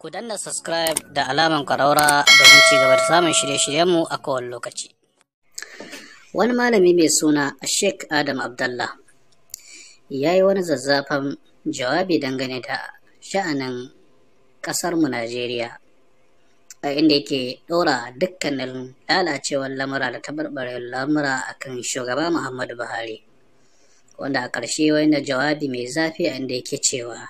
Ku danna subscribe da alaman ƙwararra domin ci gaba da samun shirye-shiryenmu a kowane lokaci. Wani malami mai suna Sheikh Adam Abdallah ya yi wani zazzafan jawabi dangane da sha'anin ƙasarmu Najeriya a inda yake ɗora dukkanin lalacewar lamura da taɓarɓarewar lamura akan kan shugaba Muhammadu Buhari. Wanda a ƙarshe wani jawabi mai zafi a inda yake cewa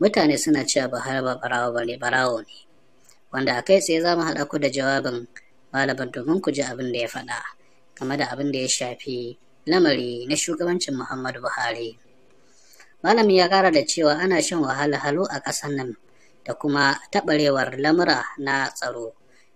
mutane suna cewa buhari ba barawo ne barawo ne wanda a kai tsaye za mu haɗa ku da jawabin malamar, domin ku ji abin da ya faɗa game da abin da ya shafi lamari na shugabancin muhammadu buhari malamin ya ƙara da cewa ana shan wahalhalu a ƙasar nan da kuma taɓarewar lamura na tsaro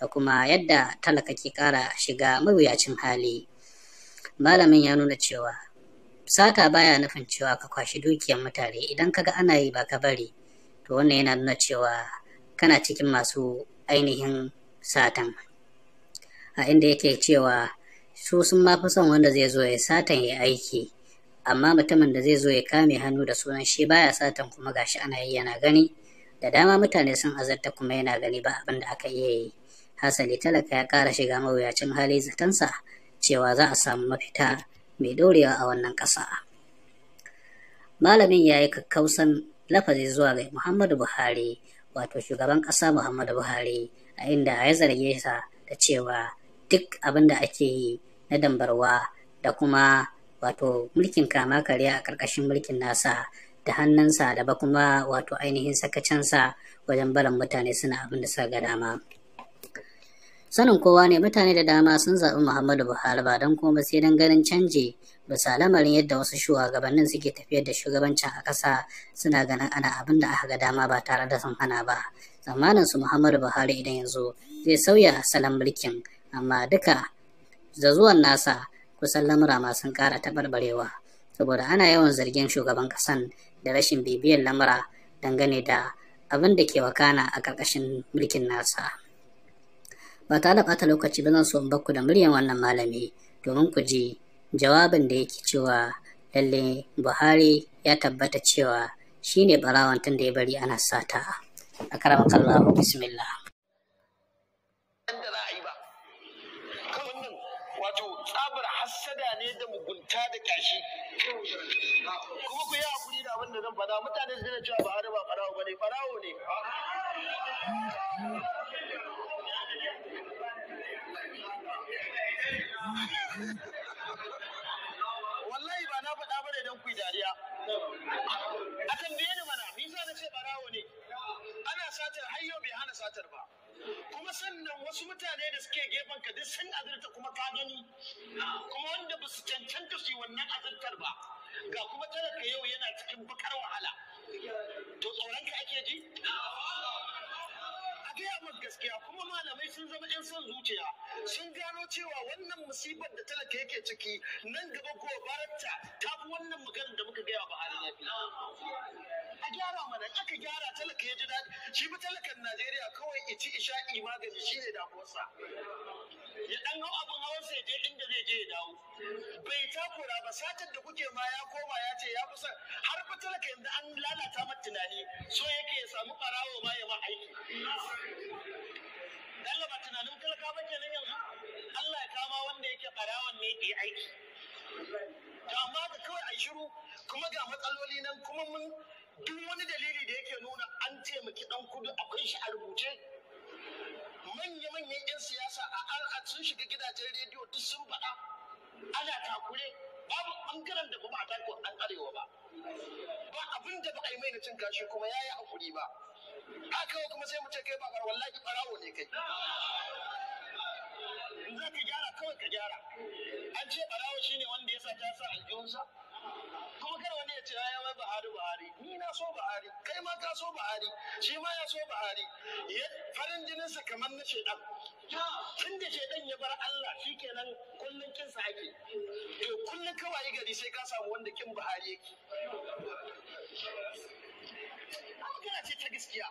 da kuma yadda talaka ke ƙara shiga mawuyacin hali malamin ya nuna cewa Sata baya nufin cewa ka kwashi dukiyan mutane idan kaga ana yi ba ka bari to wannan yana nuna cewa kana cikin masu ainihin satan. A inda yake cewa su sun ma fi son wanda zai zo ya satan ya aiki amma mutumin da zai zo ya kame hannu da sunan shi baya satan kuma gashi ana yi yana gani da dama mutane sun azarta kuma yana gani ba abin da aka iya yi. Hasali talaka ya kara shiga mawuyacin hali zatansa cewa za a samu mafita mai dorewa a wannan ƙasa. Malamin ya yi kakkausan lafazi zuwa ga Muhammadu Buhari wato shugaban ƙasa Muhammadu Buhari a inda ya zarge sa da cewa duk abin da ake yi na dambarwa da kuma wato mulkin kama karya a ƙarƙashin mulkin nasa da hannunsa da ba kuma wato ainihin sakacinsa wajen barin mutane suna abin da suka ga dama. Sanin kowa ne mutane da dama sun zaɓi Muhammadu Buhari ba don kuma sai don ganin canji bisa lamarin yadda wasu shugabannin suke tafiyar da shugabancin a ƙasa suna ganin ana abin da aka ga dama ba tare da sun hana ba. Tsammanin su Muhammadu Buhari idan yanzu zai sauya salon mulkin amma duka da zuwan nasa kusan lamura ma sun ƙara taɓarɓarewa saboda ana yawan zargin shugaban ƙasan da rashin bibiyar lamura dangane da abin da ke wakana a ƙarƙashin mulkin nasa. ba tare da ɓata lokaci ba zan so in bakku da muryan wannan malami domin ku ji jawabin da yake cewa lalle buhari ya tabbata cewa shine barawan tun da ya bari ana sata a karamin kallahu bismillah wato tsabar hassada ne zan faɗa mutane su cewa ba ba farawo ne wallahi ba na faɗa ne don ku dariya a tambaye ni mana nisa na ce barawo ne ana satar hayyo bai hana satar ba kuma sannan wasu mutane da suke gefen ka duk sun azurta kuma ka gani kuma wanda ba su cancanta su yi wannan azurtar ba ga kuma talaka yau yana cikin bakar wahala to tsoron ka ake ji gaskiya kuma malamai sun zama 'yan son zuciya sun gano cewa wannan musibar da talaka yake ciki nan gaba barata, ta fi wannan maganar da muka gaya ba a lafiya a gyara mana aka gyara talaka ya ji daɗi shi fi talakan najeriya kawai ya ci isha'i magani shi ne damuwarsa ya dan hau abin hawansa ya je inda zai je ya dawo bai takura ba satar da kuke ma ya koma ya ce ya kusa, har ba talaka yanzu an lalata mata tunani so yake ya samu ɓarawo ma ya ma aiki Allah ba tunanin talaka ba kenan yanzu Allah ya kama wanda yake ɓarawon ne ya aiki to amma da kawai a shiru kuma ga matsaloli nan kuma mun duk wani dalili da yake nuna an taimaki dan kudu akwai shi a rubuce manya-manyan 'yan siyasa a al'ad sun shiga gidajen rediyo duk sun faɗa ana takure babu bangaren da kuma a tako an arewa ba ba abin da ba a yi mai na cin kashi kuma ya yi hakuri ba haka kuma sai mu ce kai ba wallahi barawo ne kai za ka gyara kawai ka gyara an ce shi shine wanda ya sa ta sa aljihunsa ce ya mai Buhari Buhari ni na so Buhari kai ma ka so Buhari shi ma ya so Buhari farin jinin sa kamar na shedan tun da shedan ya bar Allah shikenan kullun kin sa ake to kullun kawai gari sai ka samu wanda kin Buhari yake kana ce ta gaskiya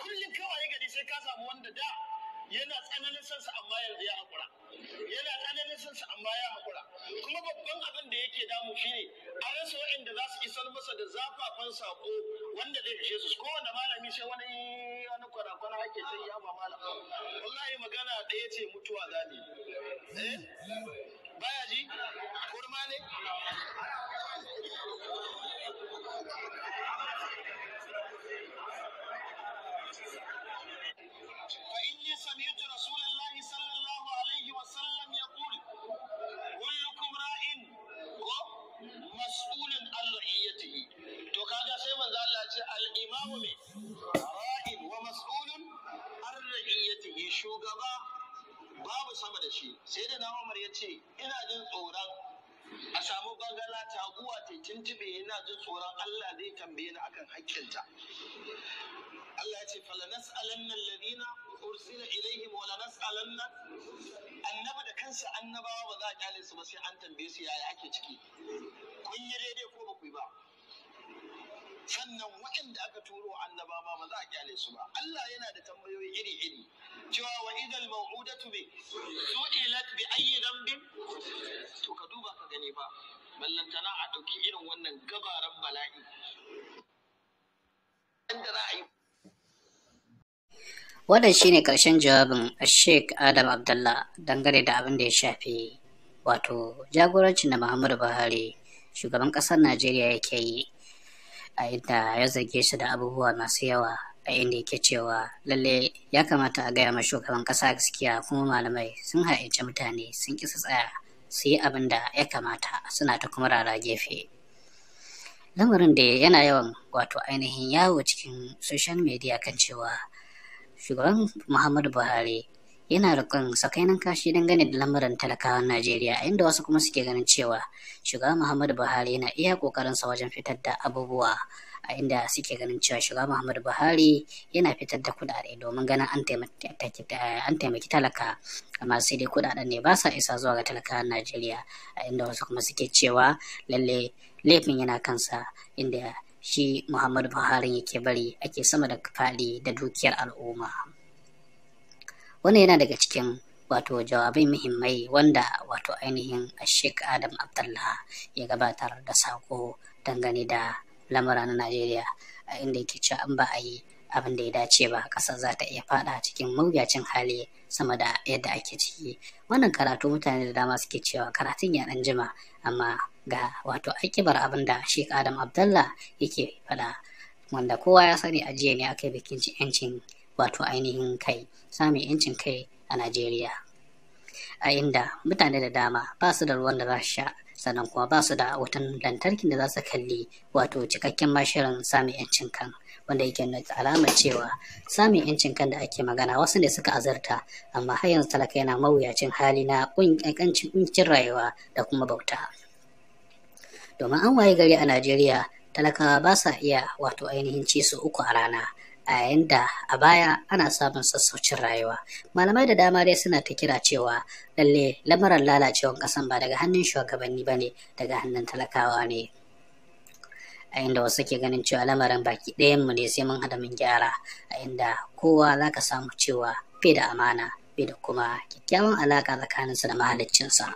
kullun kawai gari sai ka samu wanda da yana tsananin son sa amma yanzu ya hakura yana tsananin son sa amma ya hakura kuma babban abin da yake damu shine a rasa waɗanda za su isar masa da zafafan sako wanda zai ishe su wanda malami sai wani wani kwana-kwana ake sai ya ba malam wallahi magana ɗaya ce mutuwa zani eh? baya ji kurma ne سمعت رسول الله صلى الله عليه وسلم يقول كلكم راع مسؤول عن رعيته تو كاجا سي منزا الله ce al-imamu me ra'in wa mas'ulun an shugaba babu sama da shi sai da na Umar yace ina jin tsoron a samu bangala taguwa ta tuntube yana jin tsoron Allah zai tambaye ni akan hakkinta Allah ya ce falanas alannan ladina kansu annabawa ba za a kyale su ba sai an tambaye su yaya ake ciki kun yi daidai ko ba ku yi ba sannan waɗanda aka turo annabawa ba za a kyale su ba Allah yana da tambayoyi iri iri cewa wa idal mau'udatu bi su'ilat bi ayyi dhanbin to ka duba ka gani ba ballantana a ɗauki irin wannan gabaran bala'i inda za a yi Wannan ne ƙarshen jawabin Sheikh Adam Abdullah dangane da abin da ya shafi wato jagorancin da Muhammadu Buhari shugaban ƙasar Najeriya yake yi a inda ya zarge shi da abubuwa masu yawa a inda yake cewa lalle ya kamata a gaya ma shugaban ƙasa gaskiya kuma malamai sun haɗaice mutane sun kisa tsaya su yi abin da ya kamata suna ta kuma rara gefe. lamarin da yana yawan wato ainihin yawo cikin social media kan cewa shugaban Muhammadu Buhari yana rikon sakainan kashi dangane da lamarin talakawan Najeriya inda wasu kuma suke ganin cewa shugaban Muhammadu Buhari yana iya sa wajen fitar da abubuwa a inda suke ganin cewa shugaban Muhammadu Buhari yana fitar da kudade domin ganin an taimaki talaka amma sai dai kuɗaɗen ne ba sa isa zuwa ga talakawan Najeriya a inda wasu kuma suke cewa lalle laifin yana kansa inda shi Muhammadu Buhari yake bari ake sama da faɗi da dukiyar al'umma. Wannan yana daga cikin wato jawabai muhimmai wanda wato ainihin Sheikh Adam Abdullah ya gabatar da sako dangane da lamura na Najeriya a inda yake cewa an ba a yi abin da ya dace ba ƙasa za ta iya fada cikin mawuyacin hali sama da yadda ake ciki wannan karatu mutane da dama suke cewa karatun ya dan jima amma ga wato akibar abin da sheik adam abdallah yake faɗa wanda kowa ya sani a jiya ne aka yi bikin yancin wato ainihin kai samun yancin kai a najeriya a inda mutane da dama ba su da ruwan da za su sha sannan kuma ba su da wutan lantarkin da za su kalli wato cikakken mashirin samun yancin kan wanda yake alamar cewa samun yancin kan da ake magana wasu ne suka azarta amma har yanzu talaka yana mawuyacin hali na kuncin rayuwa da kuma bauta domin an waye gari a najeriya talakawa ba sa iya wato ainihin ci su uku a rana a yayin da a baya ana samun sassaucin rayuwa malamai da dama dai suna ta kira cewa lalle lamarin lalacewar kasan ba daga hannun shugabanni ba ne daga hannun talakawa ne a inda wasu ke ganin cewa lamarin baki ɗayan mu ne sai mun hada mun gyara a inda kowa za ka samu cewa fi da amana bai da kuma kyakkyawan alaka tsakaninsa da mahaliccinsa.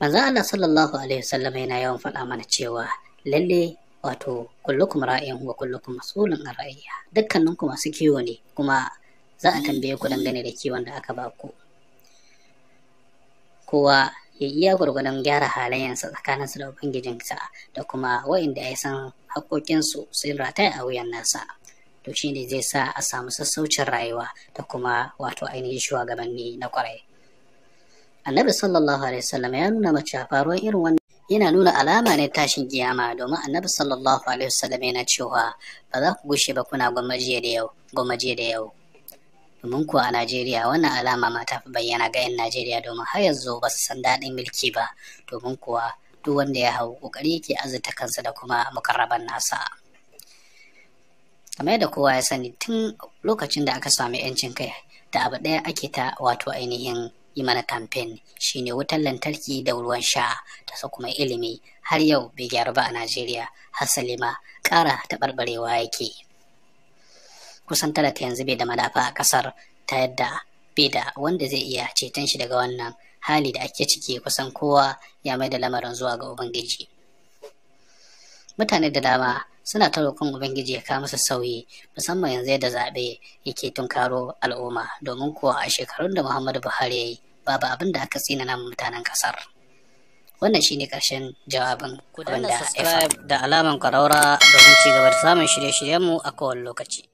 Manzo Allah sallallahu alaihi wasallam yana yawan faɗa mana cewa lalle wato kullukum ra'in wa kullukum mas'ulun an dukkanin dukkaninku masu kiwo ne kuma za a tambaye ku dangane da kiwon da aka ba ku. Kowa ya iya gwargwadon gyara halayensa tsakaninsa da ubangijinsa da kuma wa'inda ya san haƙoƙinsu sun rataya a wuyan nasa to shine zai sa a samu sassaucin rayuwa da kuma wato ainihin shugabanni na kwarai annabi sallallahu alaihi wasallam ya nuna mace faruwar irin wannan yana nuna alama ne tashin kiyama domin annabi sallallahu alaihi wasallam yana cewa ba za ku gushe ba kuna gwammajiya da yau da yau domin kuwa a Najeriya wannan alama ma ta fi bayyana ga 'yan Najeriya domin har yanzu ba su san daɗin mulki ba domin kuwa duk wanda ya hau ƙoƙari yake azurta kansa da kuma mukarraban nasa. Kamar yadda kowa ya sani tun lokacin da aka sami 'yancin kai da abu ɗaya ake ta wato ainihin yi mana kamfen shine wutar lantarki da ruwan sha ta kuma ilimi har yau bai gyaru ba a Najeriya har salima ƙara taɓarɓarewa yake. kusan talata yanzu bai da madafa a kasar ta yadda bai da wanda zai iya ceton shi daga wannan hali da ake ciki kusan kowa ya mai da lamarin zuwa ga ubangiji mutane da dama suna ta roƙon ubangiji ya kawo musu sauyi musamman yanzu yadda zaɓe yake tunkaro al'umma domin kuwa a shekarun da muhammadu buhari ya yi babu abin da aka tsina naman mutanen kasar wannan shine ƙarshen jawabin wanda da alaman kwaraura domin ci gaba da samun shirye-shiryenmu a kowane lokaci